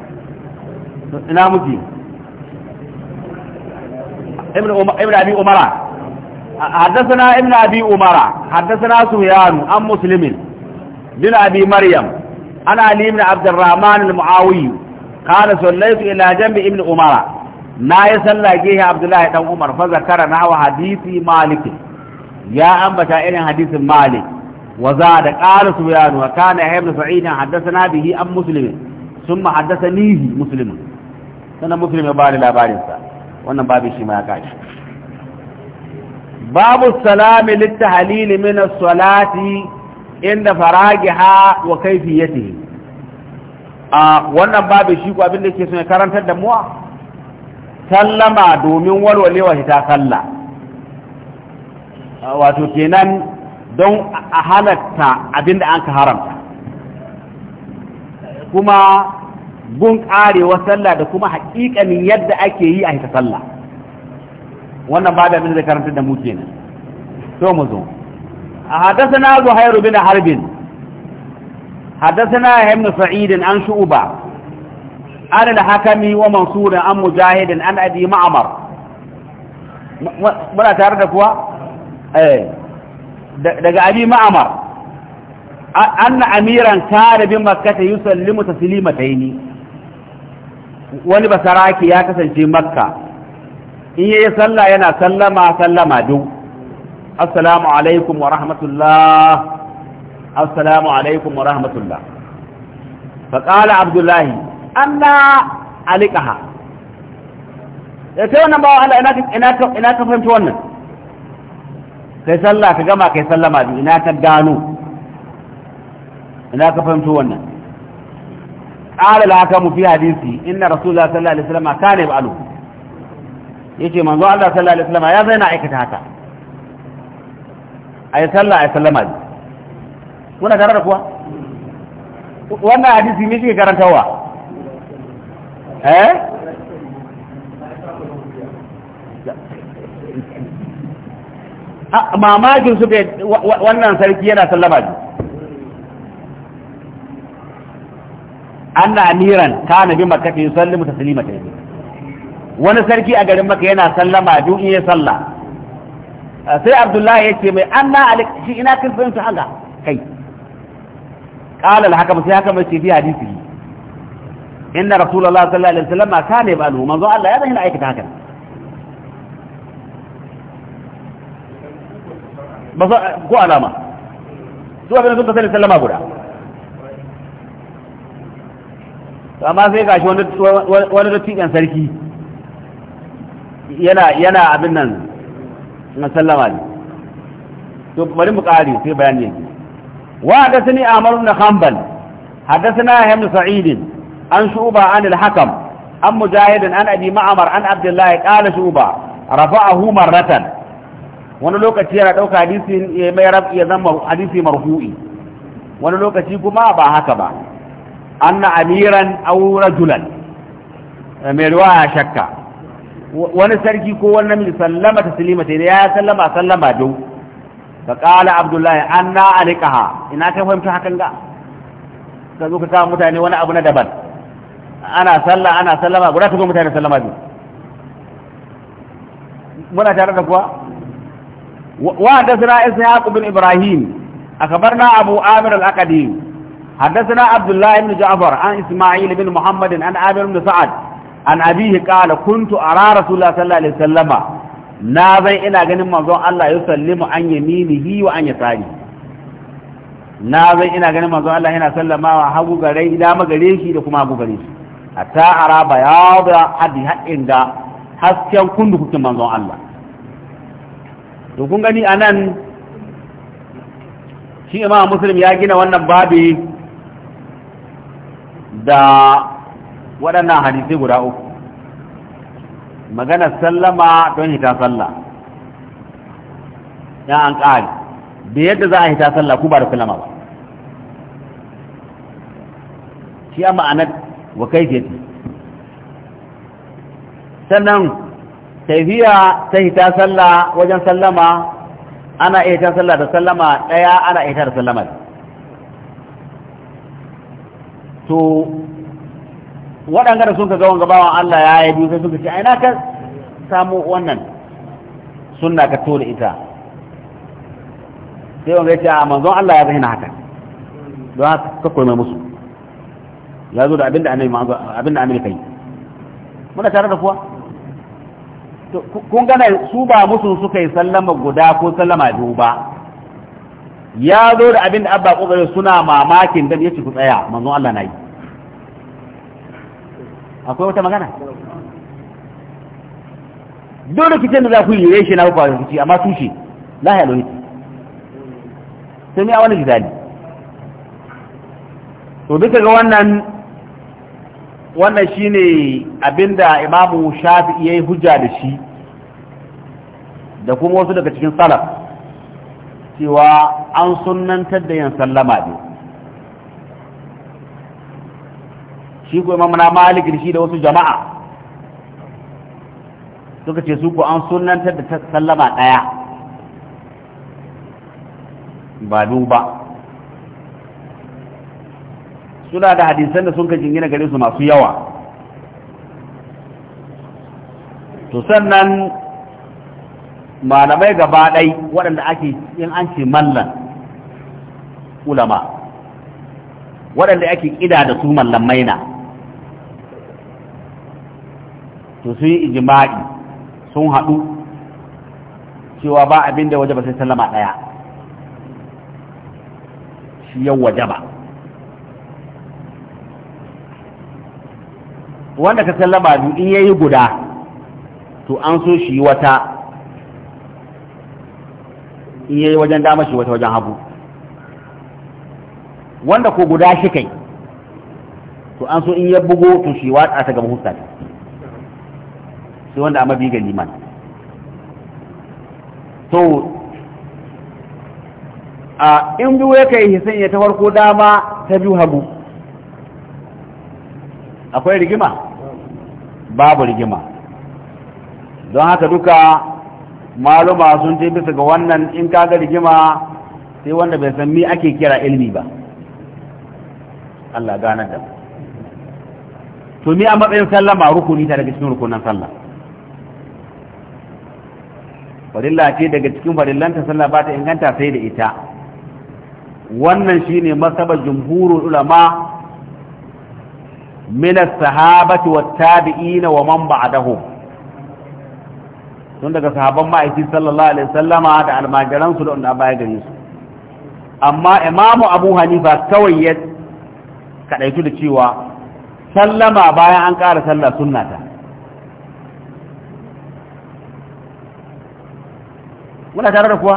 ina muki ibn abi umara haddasana ibn abi umara haddasana suyanu an musulmin bin abi maryam ana limin abdurrahman al-mu'awiyu kada sallaitu ila jambi ibn umara na yi sallah gehe abdullahi dan umar fa zakara na wa hadisi malik ya ambata irin hadisin malik wa za da qala subyan wa kana ibn sa'id haddathana bihi an muslim thumma haddathanihi nihi sanan muslim ya bani labarin sa wannan babu shi ma ya kashi babu salami litahlil min salati inda faragiha wa kayfiyatihi a wannan babu shi ko abin da ke so karantar da mu'a sallama domin warwalewa hita sallah wato kenan don a halatta abinda an ka haramta kuma gun karewa sallah da kuma haƙiƙanin yadda ake yi a hita sallah wannan ba da abin da karanta da mu kenan to mu zo a haddasa na حدثنا زهير harbin haddasa na هم سعيد an shu'uba. an al-hakami wa mansur an mujahid an abi ma'mar muna tare da kuwa eh daga abi ma'mar anna amiran kana bi makkah yusallimu taslimataini wani basaraki ya kasance makka in yayi sallah yana sallama sallama duk assalamu alaikum wa rahmatullah alaikum wa فقال عبد الله Allah alikaha da sai wannan bawa Allah ina ka ina ka fahimci wannan kai sallah ka gama kai sallama bi ina ta gano ina ka fahimci wannan qala la ka mu fi hadisi inna rasulullah sallallahu alaihi wasallam kana ba'alu yace manzo Allah sallallahu alaihi wasallam ya zaina aikata haka ay sallah ay sallama bi kuna tare da kuwa wannan hadisi ne shi karantawa eh ah, mamakin suka wannan sarki yana sallama ne anna amiran kana bi makkah ta taslimata wani sarki a garin maka yana sallama duk in ya salla ah, sai abdullahi ya ce mai anna alik shi ina kin fahimta haka kai ƙalal haka hakam sai haka mai ce fi hadisi inna rasulullah sallallahu alaihi wasallam kana yabalu manzo Allah ya bayyana aikata haka ba ko alama su abin sun tasiri sallama guda amma sai gashi wani dattijan sarki yana yana abin nan na sallama ne to bari mu kare sai bayani yake wa hadathani amr ibn hanbal hadathana ibn sa'id an shuba an al-hakam an mujahidin an abi ma'amar an abdullahi qala shuba rafa'ahu marratan wani lokaci yana dauka hadisi ya mai rab ya zama hadisi marfu'i wani lokaci kuma ba haka ba anna amiran aw rajulan mai riwaya shakka wani sarki ko wani namiji sallama taslima sai ya sallama sallama dau fa qala abdullahi anna alikaha ina ka fahimta hakan ga ka zo ka mutane wani abu na daban ana sallah ana sallama guda ta zo mutane sallama biyu muna tare da kuwa wa dasna ishaq bin ibrahim أخبرنا أبو آمر الأقديم حدثنا عبد الله بن جعفر عن إسماعيل بن محمد عن عامر بن سعد عن أبيه قال كنت أرى رسول الله صلى الله عليه وسلم نازي إلى غنم منظوم الله يسلم عن يمينه وعن يساره نازي إلى غنم منظوم الله هنا سلم وحبو غري إلى مغريشي لكم أبو غريشي hatta ara bayada hadi haɗin da hasken kundu kukin manzon Allah to kun gani anan shi imam muslim ya gina wannan babi da waɗannan hadisai guda uku maganar sallama don hita sallah ya an ƙari da yadda za a hita sallah ku ba da sallama ba shi a ma'anar wa kai kaifiyati sannan tafiya ta hita sallah wajen sallama ana iya ta sallah da sallama ɗaya ana iya ta da sallama to waɗanda da sun ka gawon gabawan Allah ya yi biyu sai ka ce aina ka samu wannan suna ka tole ita sai wanda ya ce a manzon Allah ya na haka don haka kakwai mai musu ya zo da abin da annabi abin muna tare da kuwa kun gana su ba musu suka yi sallama guda ko sallama biyu ba ya zo da abin da abba kokarin suna mamakin ya yace ku tsaya manzon Allah na yi akwai wata magana dole rikicin da za ku yi reshe na ku rikici amma tushe lahi alwani sai ni a wani jidali to duka ga wannan wannan shi abin abinda imamu shafi'i yi hujja da shi da kuma wasu daga cikin salaf cewa an sunantar da yin sallama ne shi ko imamu na malik shi da wasu jama'a suka ce su ko an sunantar da sallama ɗaya ba duba suna da hadisan da sun ka jingina gare su masu yawa to sannan malamai gaba ɗai waɗanda ake in an ce mallan ulama waɗanda ake ƙida da su mallan na to sun yi ijima'i sun haɗu cewa ba abin da waje ba sai sallama ɗaya shi yau waje ba wanda ka sallama biyu in yayi guda to an so shi wata in yayi wajen dama shi wata wajen hagu wanda ko guda shi kai to an so in ya bugo to shi watsa ta gaba huska ta sai wanda amma bigan liman to a in biyu ya kai hisan ya ta farko dama ta biyu hagu akwai rigima babu rigima don haka duka maluma sun ce bisa ga wannan in kaga rigima sai wanda bai san mi ake kira ilmi ba Allah gane da to mi a matsayin sallah ma rukuni ta daga cikin rukunan sallah farilla ce daga cikin farillanta sallah ba ta inganta sai da ita wannan shine masabar jumhurul ulama من الصحابة والتابعين ومن بعدهم tun daga sahabban ma'aikin sallallahu alaihi sallama da su da wanda baya gare su amma imamu abu hanifa kawai ya kadaitu da cewa sallama bayan an ƙara sallah ta muna tare da kuwa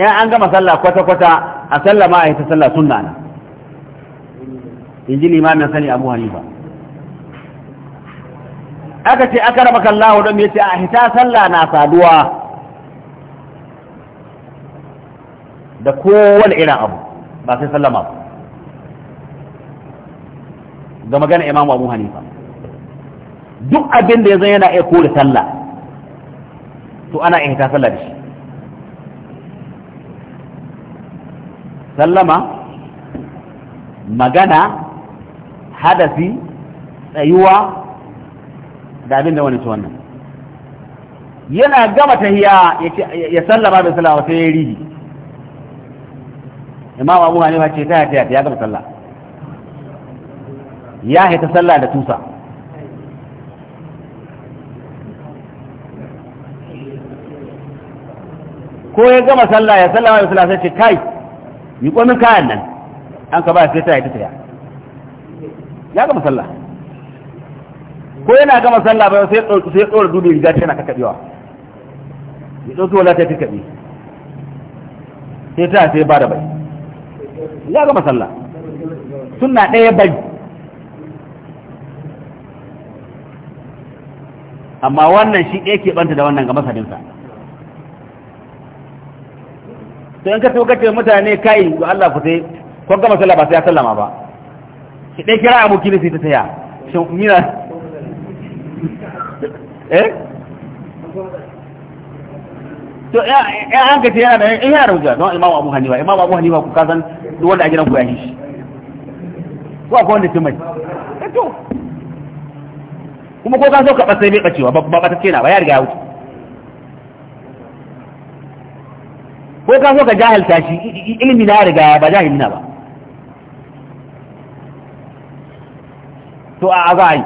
ya an gama sallah kwata-kwata a sallama a yi ta sallah na in ji limamin sani abu hanifa aka ce aka raba kallahu don ya ce a hita sallah na saduwa da kowane irin abu ba sai sallama ba ga magana imamu abu hanifa duk abin da ya zai yana iya kori sallah to ana iya hita sallah da shi sallama magana hadasi tsayuwa da abin da wani ci wannan yana gama hiya ya sallama bai sallama sai ya rigi imam abu hanifa ce ta yata ya gama sallah ya haita sallah da tusa ko ya gama sallah ya sallama bai sallama sai ce kai yi komin kayan nan an ka ba sai ta yata ta ya gama sallah ko yana gama sallah ba sai sai tsora dubi riga ta yana kakabewa ya dauki wala ta kakkabe sai ta sai ba da bai ya gama sallah sunna ɗaya bai amma wannan shi ɗaya ke banta da wannan ga masaninsa sai in ka so kace mutane kai to Allah ku sai ko gama sallah ba sai ya sallama ba ki dai kira aboki ne sai ta taya shin eh to ya an ka ce da eh, yana da hujja don imamu abu hanifa imamu abu hanifa ku kasan wanda a gidan ku ya shi ko akwai wanda sun mai eh, kuma ko ka so ka ɓasai bai ɓacewa ba ba ta na ba ya riga ya wuce ko ka so ka jahilta shi ilimi na riga ba jahilina ba to a za a yi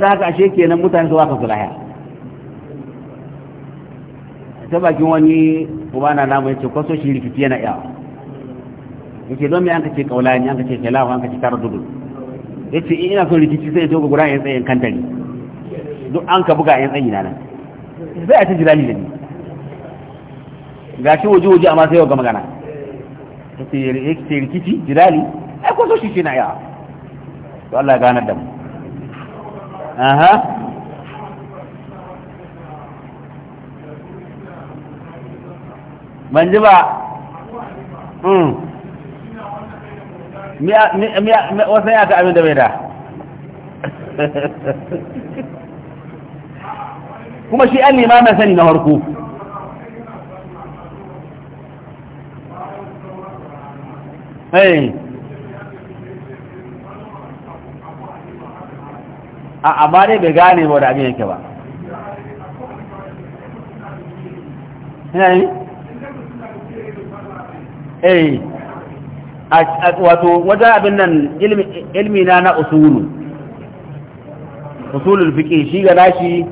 da haka ashe kenan mutane su baka sulaya ta bakin wani kuma na namu yace kwaso shi rikici yana yawa yace don me an kace kaulani an kace khilafa an kace taraddud yace in ina so rikici sai to gura yan tsayin kantari duk an ka buga yan tsayi na nan sai a ci jirani da ni gashi waje waje amma sai ga magana yace rikici jirali ai ko so shi shi na ya to Allah ya ganar da mu aha man ji ba hmm. wasu ya ta abin da bai da kuma shi an mai sani na harku Hey. a amma dai bai gane ba da abin yake ba eh wato wajen abin nan ilmi na na usulu usulul fiqi shi ga nashi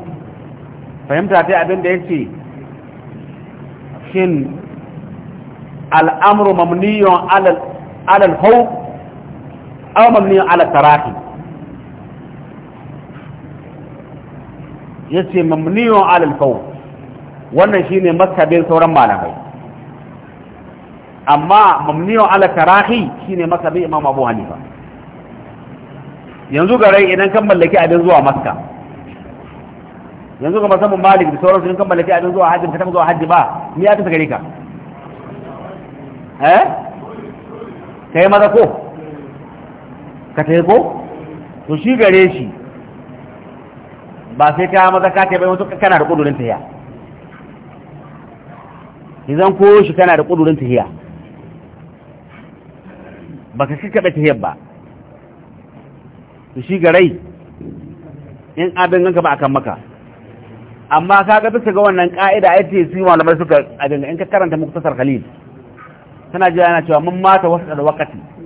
fahimta ta abin da yace shin al'amru mamniyun ala al-khawf aw mamniyun ala tarahi yace mamniyun alal qawl wannan shine mazhabin sauran malamai amma mamniyun ala karahi shine mazhabin imam abu hanifa yanzu garai idan kan mallaki abin zuwa makka yanzu ga musamman malik da sauransu in kan mallaki abin zuwa hajji ka taba zuwa hajji ba ni ya tafi gare ka eh kai maza ko ka tafi ko to shi gare shi ba sai ka maza ka bai mutu kana da kudurin tahiya idan ko shi kana da kudurin tahiya ka shi kaɗa tahiyar ba shi shi garai in abin ganka ba kan maka amma ga bisa ga wannan ka'ida ai ce su malamai suka abin in ka karanta tasar khalil tana jira yana cewa mun mata wasu da wakati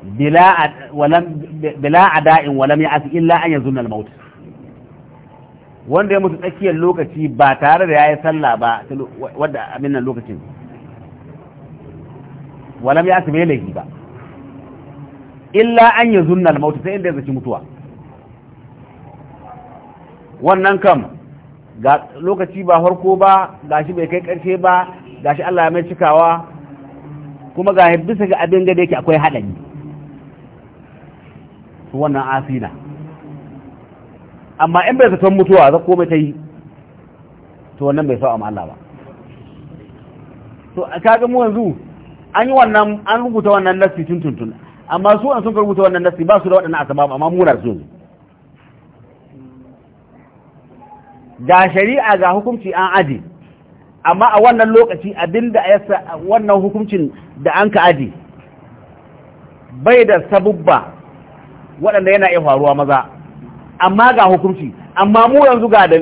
bila walam bila ada'in walam ya'as illa an yazunna al-maut wanda ya mutu tsakiyar lokaci ba tare da ya yi sallah ba wadda abin nan lokacin walam ya bai lahi ba illa an yazunna al-maut sai inda ya zaci mutuwa wannan kam ga lokaci ba farko ba gashi bai kai karshe ba gashi Allah ya mai cikawa kuma ga bisa ga abin da yake akwai haɗari Su wannan asina amma in bai zaton mutuwa za komai ta yi to wannan bai sa'a Allah ba to kaga mu yanzu an yi wannan an rubuta wannan nassi tun tuntun amma su an sun rubuta wannan nassi ba su da waɗannan asaba amma mu na su ga shari'a ga hukunci an aji amma a wannan lokaci abinda ya wannan hukuncin da an ka aji bai da sabubba waɗanda yana iya faruwa maza amma ga hukunci amma mu yanzu ga da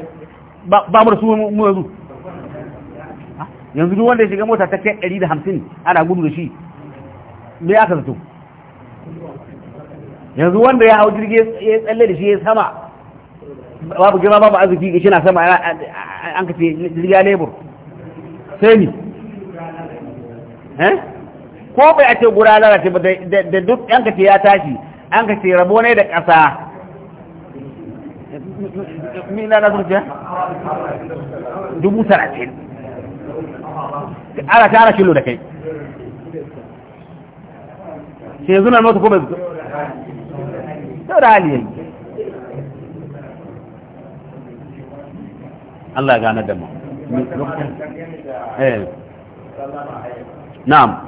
ba mu da su mu yanzu yanzu duk wanda ya shiga mota ta kai hamsin ana gudu da shi me aka zato yanzu wanda ya hau jirgi ya tsalle da shi ya sama babu girma babu arziki shi na sama an kace jirga lebur sai ni eh? ko bai a ce a ce ba da duk yan kace ya tashi an ka ce rabo ne da ƙasa mina na zuciya dubu talatin ara tara kilo da kai ce yanzu na mota ko bai da hali yayi Allah ya gane da ma. na'am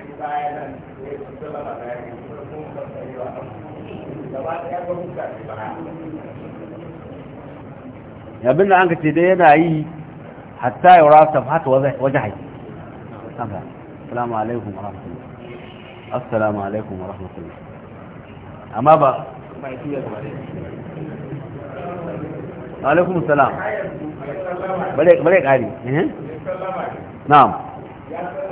abin da an ka ce dai yana yi hatta ya rasa haka waje haiti assalamu alaikum wa rahmatullahi assalamu alaikum wa rahmatullahi amma ba alaikum salam bare kari na'am ya hmm. a yi ya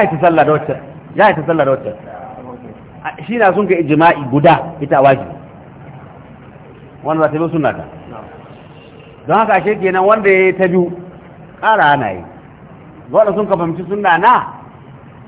yi ta sallar da ya shi na sun ka ijima'i guda ita waje wanda za ta bi suna ta don haka ashe kenan wanda ya yi ta biyu ƙara ana yi wanda sun ka fahimci suna na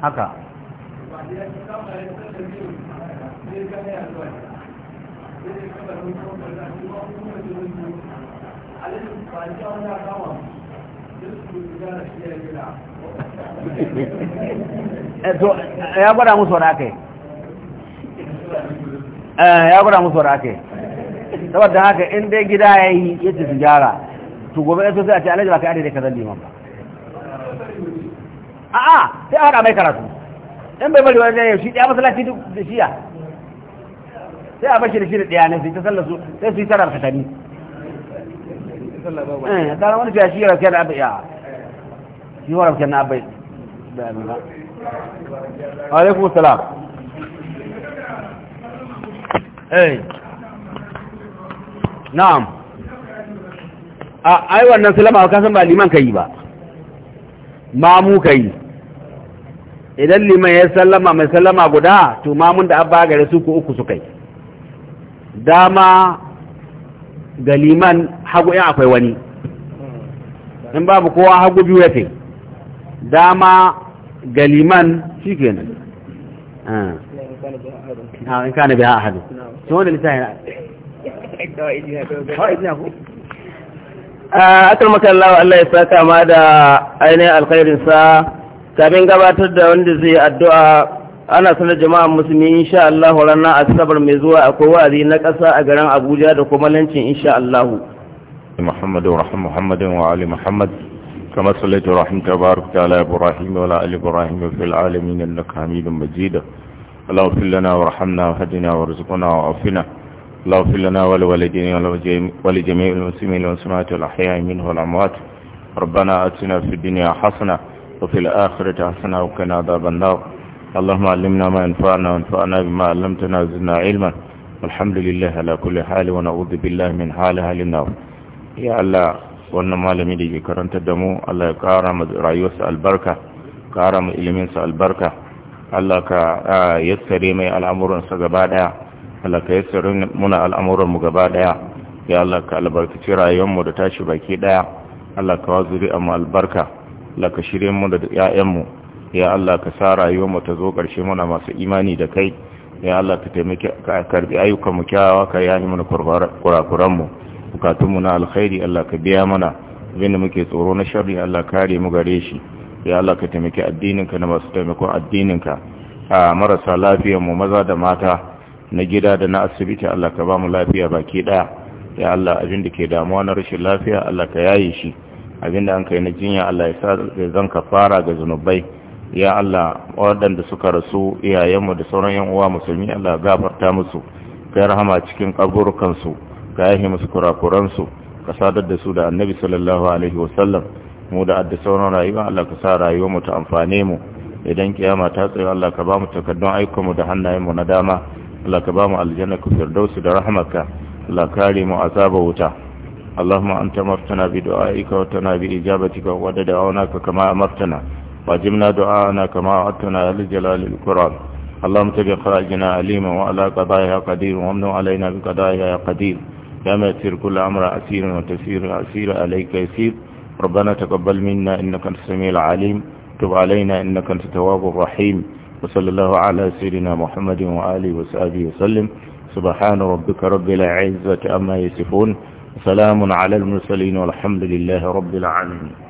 haka eh, ya gwada musu wani aka Eh, ya gura musu wada aka yi saboda haka in dai gida ya yi ya ce su gyara to gobe ya so a ce alaji ba ka yadda ka zan liman ba a'a sai a haɗa mai karatu in bai bari wani yau shi ɗaya masallaci da shiya sai a bashi da shi da ɗaya ne sai ta sallar su sai su yi tara ka tani eh, tsarar wani fiya shi yi rafiyar da abai ya shi yi rafiyar na abai da amina alaikum salam eh na'am a ai wannan salama ka san ba liman kai ba mamu kai idan liman ya sallama mai sallama guda to mamun da abba gare su ko uku su kai dama ga liman hagu in akwai wani in babu kowa hagu biyu ya kai. dama ga liman shi kenan ah. Ah, in kana biya hadu. to wanda littafi na Allah ya saka ma da ainihin alkhairinsa kafin gabatar da wanda zai addu'a ana sanar jama'an musulmi insha Allah ranar asabar mai zuwa akwai wa'azi na ƙasa a garin Abuja da kuma lancin insha Allah Muhammad wa rahmu Muhammad wa ali Muhammad kama sallaita wa rahimta barakta ala Ibrahim اللهم اغفر لنا وارحمنا وهدنا وارزقنا وعافنا اللهم اغفر لنا ولوالدينا ولجميع المسلمين والمسلمات والأحياء منه والأموات ربنا آتنا في الدنيا حسنة وفي الآخرة حسنة وقنا عذاب النار اللهم علمنا ما ينفعنا وانفعنا بما علمتنا زدنا علما والحمد لله على كل حال ونعوذ بالله من حال أهل النار يا الله wannan malami da ke karanta da mu Allah ya kara rayuwarsa albarka kara mu iliminsa albarka Allah ka yassare mai al'amuransa gaba daya Allah ka yassare muna al'amuranmu gaba daya ya Allah ka albarkaci rayuwar mu da tashi baki ɗaya. Allah ka wazuri amma albarka Allah ka shirye mu da 'ya'yanmu. ya Allah ka sa rayuwarmu ta zo ƙarshe muna masu imani da kai ya Allah ka taimake ka karbi ayyukanmu kyawawa ka yahi mana kurakuranmu bukatunmu na alkhairi Allah ka biya mana abinda muke tsoro na sharri Allah kare mu gare shi ya Allah ka taimaki addininka na masu taimakon addininka a marasa lafiyar mu maza da mata na gida da na asibiti Allah ka ba mu lafiya baki daya ya Allah abin da ke damuwa na rashin lafiya Allah ka yaye shi abin da an kai na jinya Allah ya sa da zan fara ga zunubai ya Allah waɗanda suka rasu iyayenmu da sauran yan uwa musulmi Allah gafarta musu ka rahama cikin kaburukansu su ka yahe musu kurakuran ka sadar da su da Annabi sallallahu alaihi wasallam mu da adda rayuwa Allah ka sa rayuwar mu ta amfane mu idan kiyama ta tsaye Allah ka ba mu takardun ayyukan mu da hannayenmu mu na dama Allah ka ba mu aljanna ku da rahmatka Allah kare mu azaba wuta اللهم أنت مرتنا بدعائك وتنا بإجابتك ودعوناك كما أمرتنا واجبنا دعاءنا كما وعدتنا لجلال الكرام اللهم تبع خراجنا أليما وعلى قضايا قدير وامن علينا بقضايا قدير يا ميسير كل أمر أسير وتسير أسير عليك يسير ربنا تقبل منا إنك أنت السميع العليم تب علينا إنك أنت التواب الرحيم وصلى الله على سيدنا محمد وآله وسآله وسلم سبحان ربك رب العزة أما يصفون سلام على المرسلين والحمد لله رب العالمين